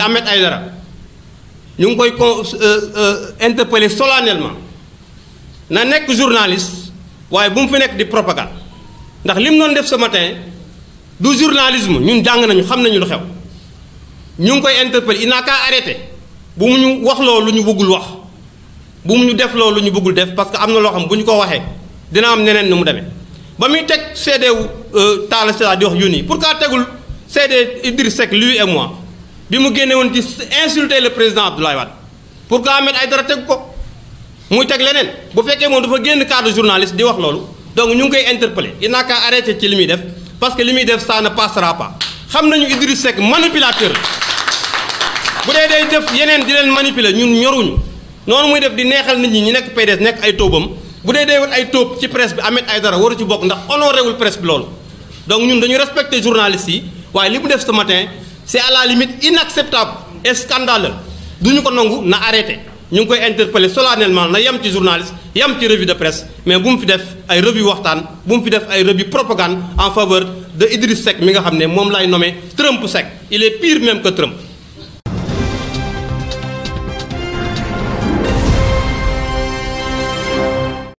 ay dara ñu ngi koy con euh, euh, interpeller solennellement na nekk journaliste waaye bu mu fi nekk di propagande ndax li mu doon def ce matin du journalisme ñun jàng nañu xam nañu lu xew ñu ngi koy interpeller il n'a qu'à arrêter bu mu ñu wax loolu lu ñu bëggul wax bu mu ñu def loo lu ñu bëggul def parce que am na loo xam bu ñu ko waxee dina am neneen ni mu demee ba muy teg CD wu euh, Talla Sylla di wax pour pourquoi tegul CD Idriss Seck lui et moi. bi mu génne woon di insulter le président Abdoulaye Wade pourquoi Ahmed Aïdara teg ko muy teg leneen bu fekkee moom dafa génn cadre journaliste di wax loolu donc ñu ngi koy interpeller il n'a ci li muy def parce que li muy def ça ne passera pas xam nañu Idriss Seck manipulateur bu dee day yeneen di leen manipuler ñun ñoruñu noonu muy def di neexal nit ñi ñu nekk PDS nekk ay tóobam bu dee day ay tóob ci presse bi Ahmed Aïdara waru ci bokk ndax honoré wul presse bi loolu ñun dañu respecter journaliste yi waaye li mu def ce matin c'est à la limite inacceptable et scandaleux Nous, ko arrêté Nous avons interpellé solennellement les petits ci journaliste yem ci de presse mais bu mu fi def ay revue waxtaan bu propagande en faveur de Idriss Seck mi nga nommé Trump Seck il est pire même que Trump